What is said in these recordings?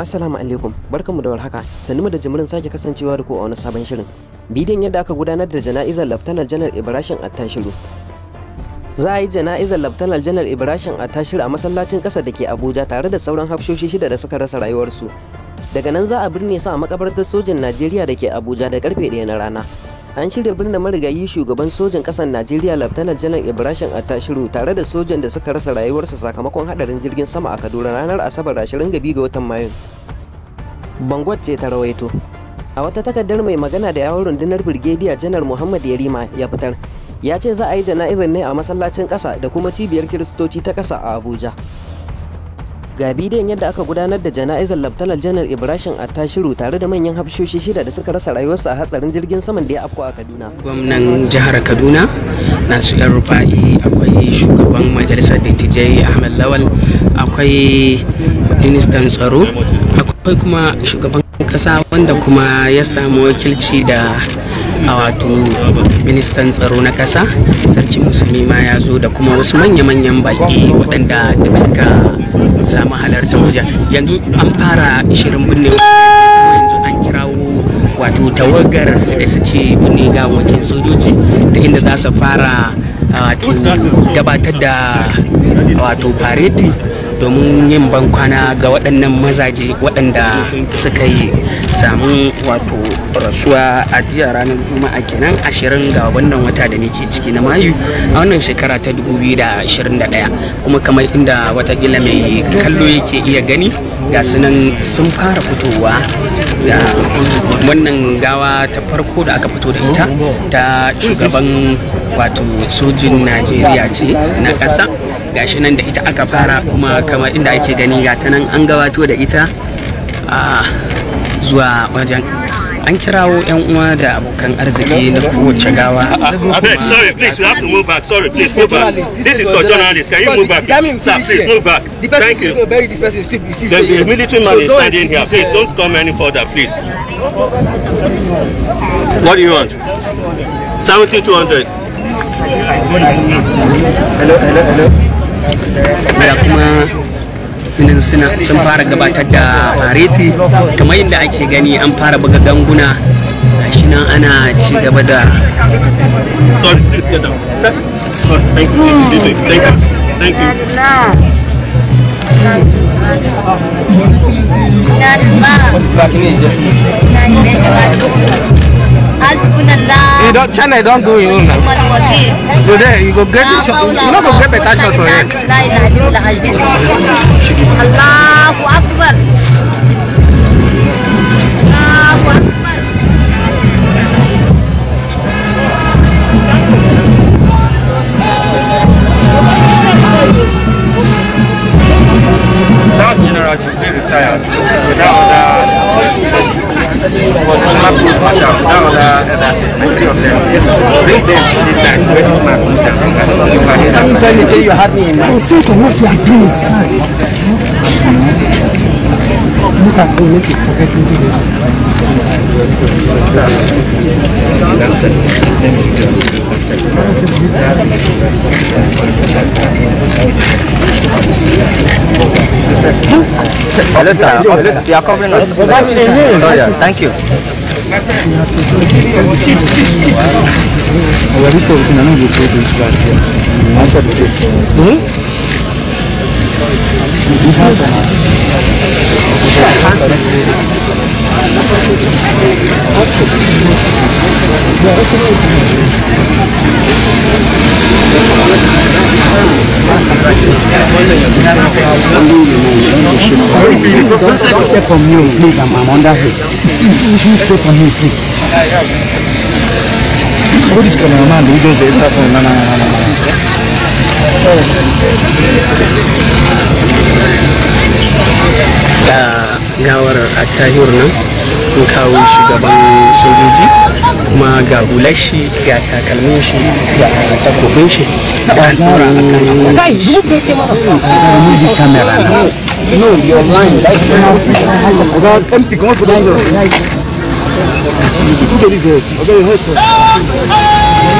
Assalamu alaikum barkanmu da warhaka sannu da jimirin sake kasancewa da ku a wani sabon shirin bidiyon yadda aka gudanar da jana'izar Laftanar Janar Ibrahim Attashiru za a yi jana'izar Laftanar Janar Ibrahim Attashiru a masallacin kasa da ke Abuja tare da sauran hafshoshi shida da suka rasa rayuwarsu daga nan za a birne sa a makabartar sojin Najeriya da ke Abuja da karfe ɗaya na rana an shirya birnin marigayi shugaban sojan ƙasar najeriya laftanar janar ibrahim atashiru tare da sojan da suka rasa rayuwarsa sakamakon haɗarin jirgin sama a kaduna ranar asabar 20 gabi ga watan mayu bangot ce ta rawaito a wata takardar mai magana da yawon rundunar birgediya janar muhammad yarima ya fitar ya ce za a yi jana'izar ne a masallacin ƙasa da kuma cibiyar kiristoci ta ƙasa a abuja ga bidiyon yadda aka gudanar da jana'izar laftanar janar ibrahim attashiru tare da manyan hafshoshi shida da suka rasa rayuwarsu a hatsarin jirgin saman da ya afko a kaduna gwamnan jihar kaduna nasu yan rufa'i akwai shugaban majalisar dattijai ahmed lawal akwai ministan tsaro akwai kuma shugaban kasa wanda kuma ya samu wakilci da a wato ministan tsaro na kasa sarki musulmi ma ya zo da kuma wasu manya-manyan baki waɗanda duk suka samu halartar wajen yanzu an fara shirin binne yanzu an kirawo wato tawagar da suke binne ga gawakin sojoji ta inda za su fara ah, wato gabatar da wato fareti domin yin bankwana ga waɗannan mazaje waɗanda suka yi samu wato rasuwa a jiya ranar juma'a kenan ashirin ga wannan wata da muke ciki na mayu a wannan shekara ta 2021 kuma kamar inda watakila mai kallo yake iya gani ga sunan sun fara fitowa ga wannan gawa ta farko da aka fito da ita ta shugaban wato sojin najeriya ce na ƙasa gashi nan da ita aka fara kuma kamar inda ake gani ga ta nan an gabato da ita ah, zuwa wajen an kirawo 'yan uwa da abokan arziki na kowace gawa What do you want? 7200. Hello, hello, hello. come kuma sunan sun fara gabatar da fareti kamar yadda ake gani an fara buga ganguna shi nan ana ci gaba da Thank you. You don't China don't go you oh, now. Go there, you go get it. You not go get better shot for it. Allahu Akbar. Allahu Akbar. you're happening now. Oh, think of what you are doing. Look at me, make you forget Hello sir, you are coming. Oh, Thank you. 我这头是那弄，你坐这班去，我坐这。嗯？你看吧，你看吧。step on me, please. I'm, I'm under here. You should step on me, please. Somebody's coming man. We just did that for no, no, no, no, no. da gawar attahir nan mun kawo shugaban sojoji kuma ga hular shi ga takalmin shi ga takobin shi da nura akan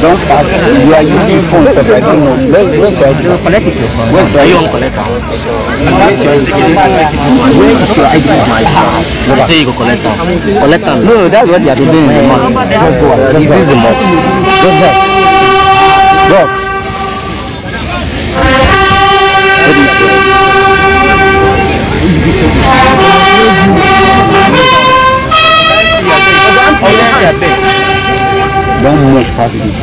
don't pass you are using phone sef i don't know where where should i go where should i go where should i go where is your id my card number say you go collect am collect am no that's what they are doing in the mosque just go out just go out the mosque just go out go out. Oh, Vamos um espaço disso.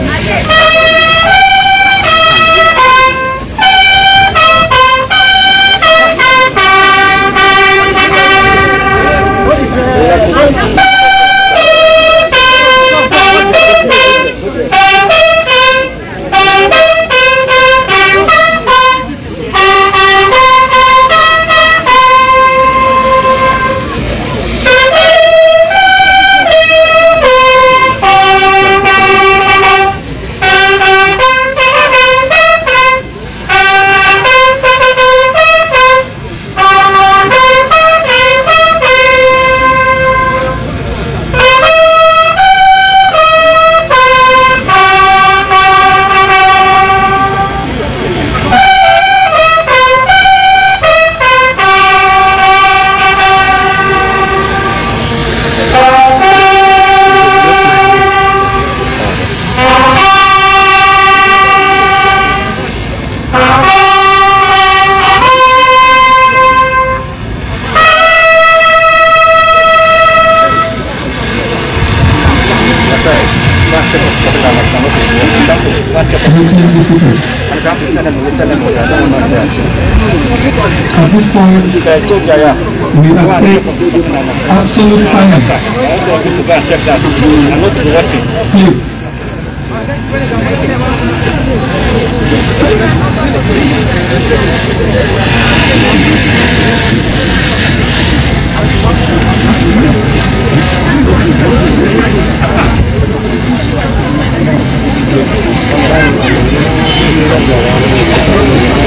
Thank At this point, we expect absolute silence.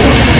Please.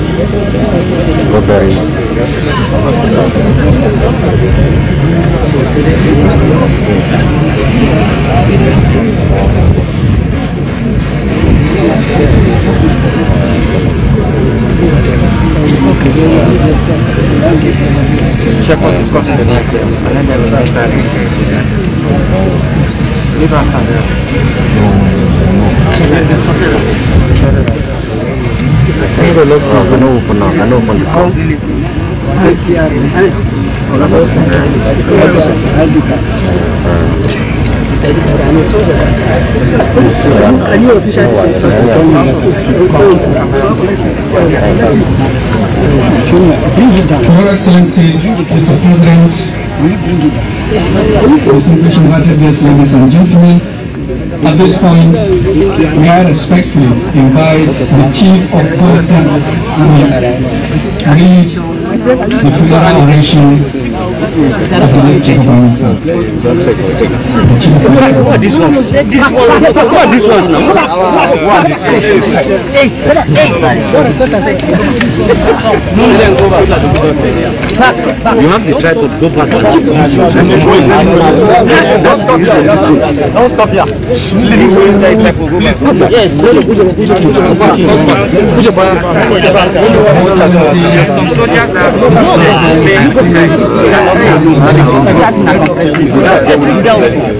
Blueberry. Check what is costing the next day. And then there was a ferry. Leave us under. No, no. Your Excellency, Mr. President, distinguished invited guests, ladies and gentlemen, At this point, we are respectfully invite the Chief of Police to read the funeral oration Look at this one. Look at this one now. You have to try to go back and Don't stop here. Don't stop here. Please go inside like we go back. Yes, push it, push it, push it, push it. Push it Ìjọba ti nà kọ̀ọ̀kan.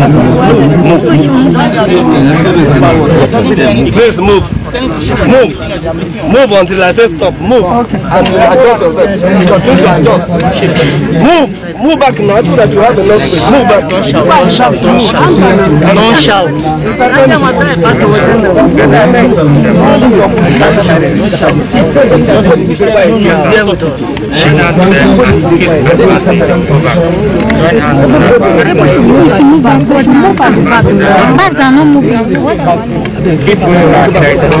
move, move, move. Please move. Move. Move until I say stop. Move. Okay. And you adjust yourself. continue to adjust. Move. Move back now. I told that you have enough space. Move back. Don't shout. Don't shout. Don't shout. Here with us. Move back. Move back. Back are not moving. Keep moving back.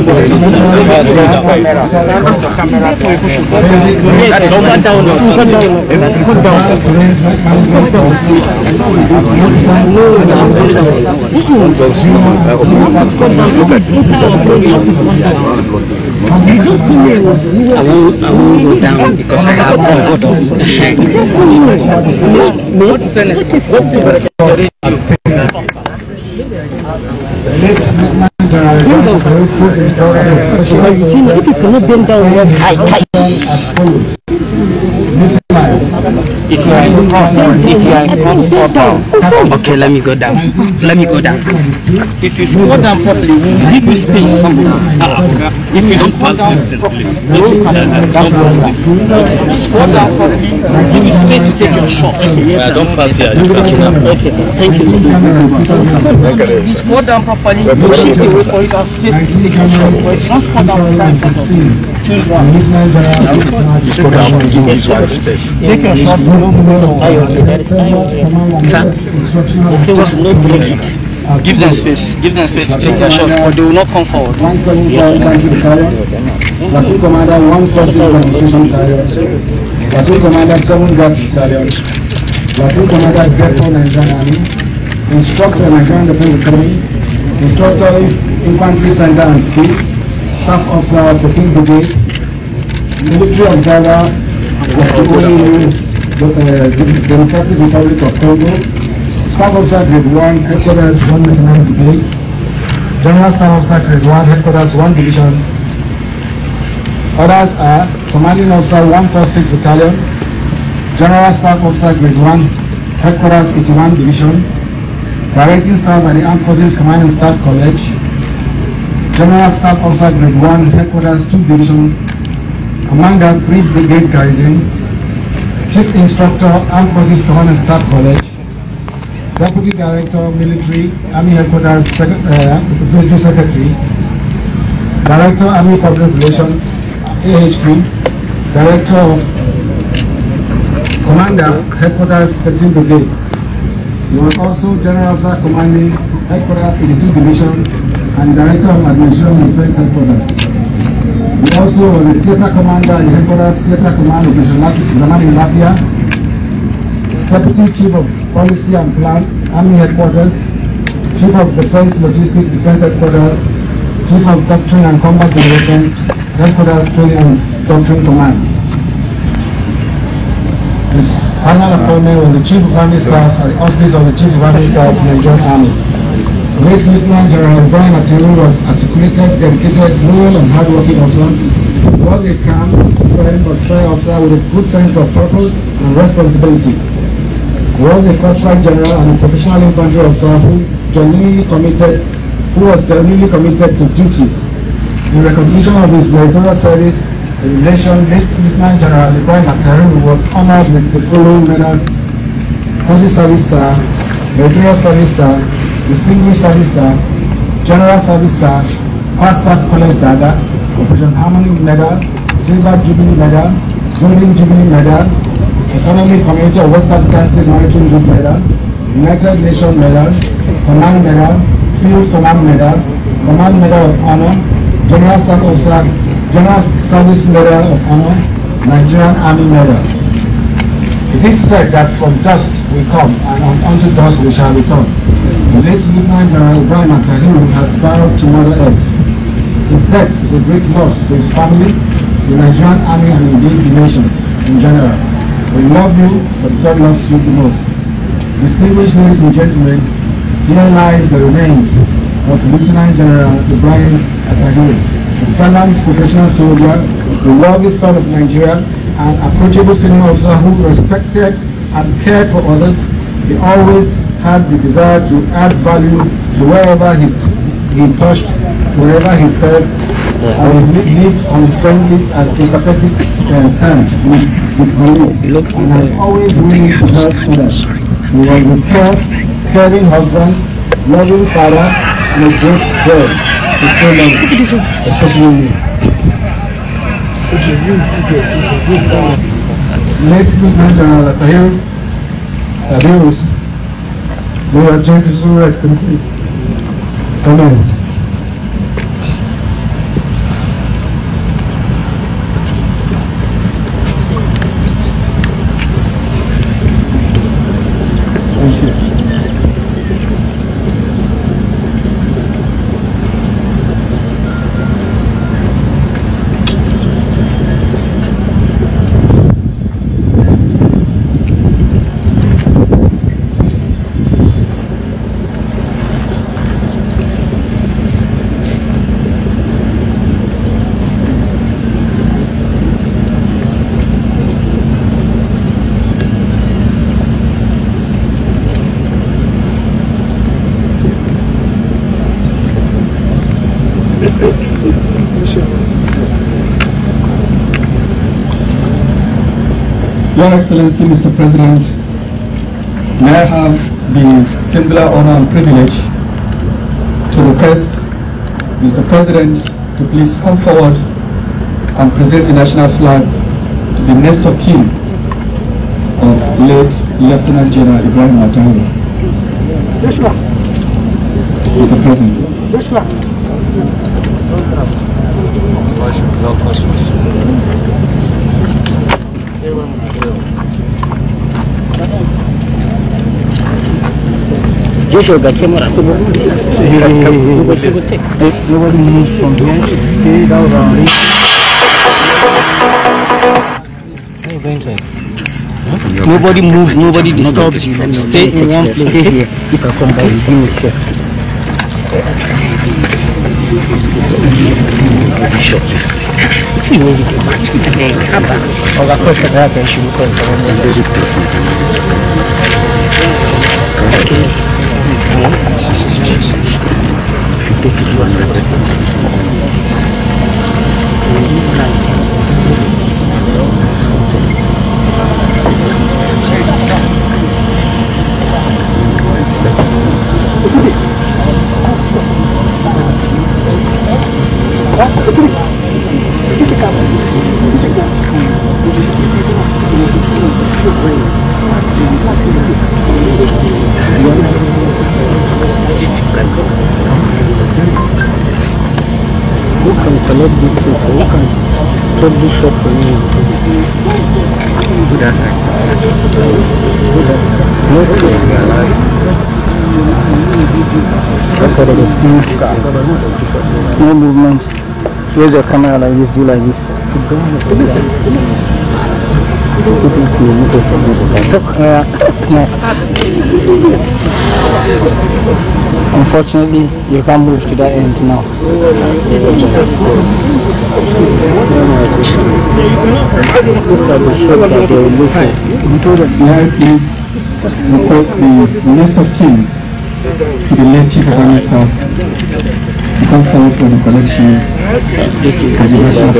I will I will go down because I have one photo. no, 现在这个变化快快。If you are in front, if you are in front, fall Okay, let me go down. Let me go down. If you squat down properly, give you space. Uh, if you don't pass this, please. Uh, don't pass this. Squat down properly. Give you space to take your shots. Uh, don't pass here. Okay, thank you. You squat down properly. You shift way for it and space to take your shots. But if you squat down, stand in Choose one. Squat down. Give this one space. Take your shots. Sir, just break it. Give them space. Give them space to take their shots, but they will not come forward. Yes, Platoon Commander 140 Communication Carrier. Commander 7 Guards Battalion. Platoon Commander Ghetto Nigerian Army. Instructor Nigerian Defense Academy. Instructor Infantry Center and School. Staff Officer of the Platoon Brigade. Military Observer. Platoon Democratic Republic of Congo, Staff Officer Grade 1, Headquarters 1 General Staff Officer Grade 1, Headquarters 1 Division. Others are Commanding Officer 146 Battalion, General Staff Officer Grade 1, Headquarters 81 Division, Directing Staff at the Armed Forces Commanding Staff College, General Staff Officer Grade 1, Headquarters 2 Division, Commander 3 Brigade Garrison, Chief Instructor, Armed Forces Command and Staff College, Deputy Director, Military, Army Headquarters, Sec uh, Secretary, Director, Army Public Relations, AHP, Director of Commander, Headquarters, 13 Brigade. He was also General Officer Commanding, Headquarters, 82 Division, and Director of Administration Defense Headquarters. We also was theater commander the headquarters, theater command of Zamani in Mafia, deputy chief of policy and plan, army headquarters, chief of defense logistics defense headquarters, chief of doctrine and combat generation, headquarters training and doctrine command. His final appointment was the chief of army staff at the office of the chief of army staff, Nigerian Army late Lieutenant General Brian Atiru was articulated, dedicated, loyal, and hardworking officer. Was a calm, firm, but fair officer with a good sense of purpose and responsibility. Was a 1st general and a professional infantry officer who genuinely committed, who was genuinely committed to duties. In recognition of his meritorious service, the nation late Lieutenant General Brian Atiru was honored with the following medals: Forces Service Star, Meritorious Service Star, Distinguished Service Star, General Service Star, Past Staff College Daga, Operation Harmony Medal, Silver Jubilee Medal, Golden Jubilee Medal, Economic Community of West African State Monitoring Group Medal, United Nations Medal, Command Medal, Field Command Medal, Command Medal of Honor, General Staff Officer, General Service Medal of Honor, Nigerian Army Medal. It is said that from dust we come and unto dust we shall return. Lieutenant General Brian Ibrahim has bowed to Mother Earth. His death is a great loss to his family, the Nigerian army and indeed the nation in general. We love you, but God loves you the most. Distinguished ladies and gentlemen, here lies the remains of Lieutenant General Ibrahim Atahiru, a talented professional soldier, the lovely son of Nigeria, an approachable senior officer who respected and cared for others. He always had the desire to add value to wherever he, he touched, wherever he said, and he lived on friendly and sympathetic uh, terms with his colleagues, He was always willing to help others. He was a tough, caring husband, loving father, and a great friend to so many, especially me. Late Lieutenant General Tahir Abuse Meus agentes do Também. Your Excellency, Mr. President, may I have the singular honor and privilege to request Mr. President to please come forward and present the national flag to the next of kin of late Lieutenant General Ibrahim Matani. Mr. President. Joshua Gatia morava no Borbolina. Eu vou me responder e dar o round. Nobody moves, nobody disturbs you. Stay in one place. here. You can come by See where you get match with the leg. How about? I'll I'll go first. I'll go 行きましょう。todo chocando, tudo essa cara, não se esgalar. No movement. Use your camera like this, do like this. Talk, uh, snap. Unfortunately, you can't move to that end now. We told that now please request the next of kin to the late chief of army staff to come forward for the collection this is the national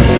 fund.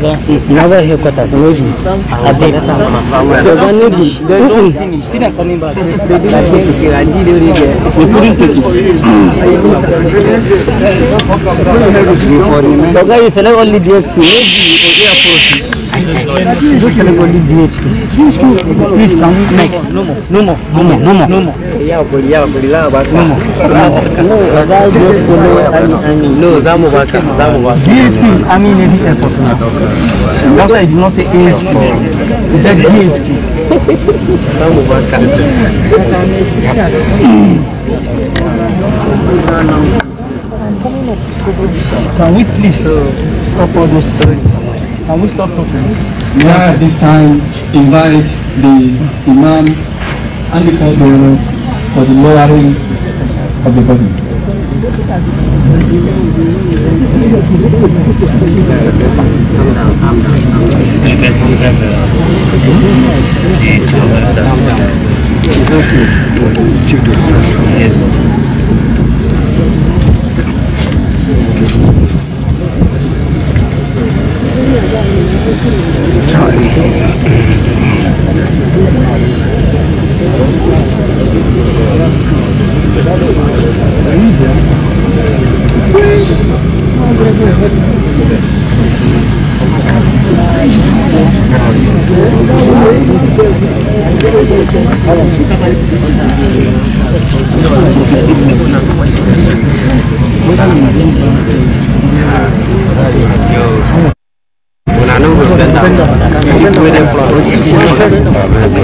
na wear hair cut as no be abeg so that no be we couldnt take it oga you select only dsp no be oga approach. Look at the No more. No more. No more. No more. Can we please stop all those stories? Can we stop talking? We are at this time invite the Imam and the court bearers for the lowering of the body. Yes. 这里。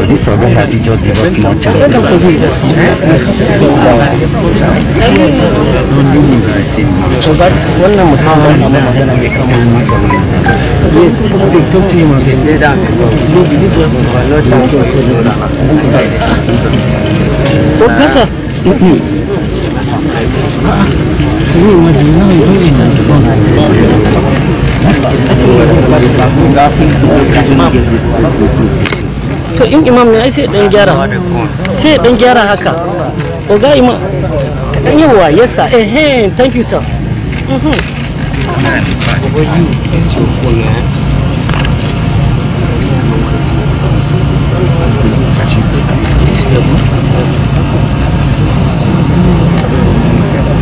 अभी सौदा घाटी जो दिवस मोर्चा tốt nhất rồi cái gì mà chúng nó hơi hơi là còn Hãy subscribe cho kênh Ghiền Mì Gõ Để không bỏ lỡ những video hấp dẫn to imam ne ai sai dan gyara sai dan gyara haka imam dan yawa yes sir eh eh thank you sir -hmm.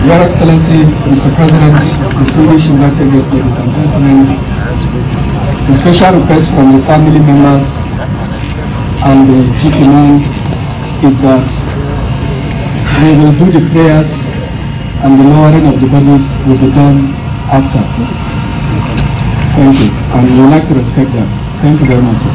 Your Excellency, Mr. President, distinguished invited guests, ladies and gentlemen, special request from the family members and the chief command is that they will do the prayers and the lowering of the bodies will be done after. Thank you. And we would like to respect that. Thank you very much, sir.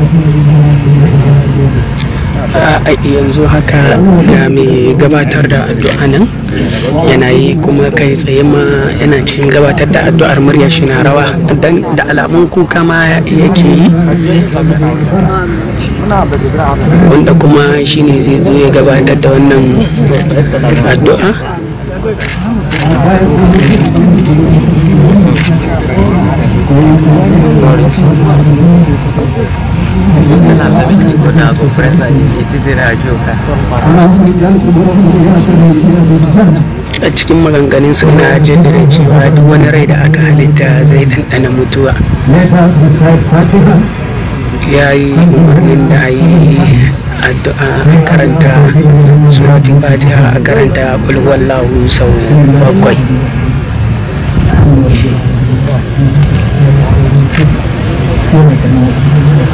yanzu haka ga mai gabatar da addu'a nan yana yi kuma kai tsaye ma yana cikin gabatar da addu'ar murya shi na rawa dan da alamun kuka ma yake yi wanda kuma shine zai zo ya gabatar da wannan addu'a Thank you. a a cikin maganganunsa na jaddada cewa duk wani rai da aka halitta zai ɗanɗana mutuwa ya yi umarnin da yi addu'a a karanta suratun fatiha a karanta kulwallahu sau bakwai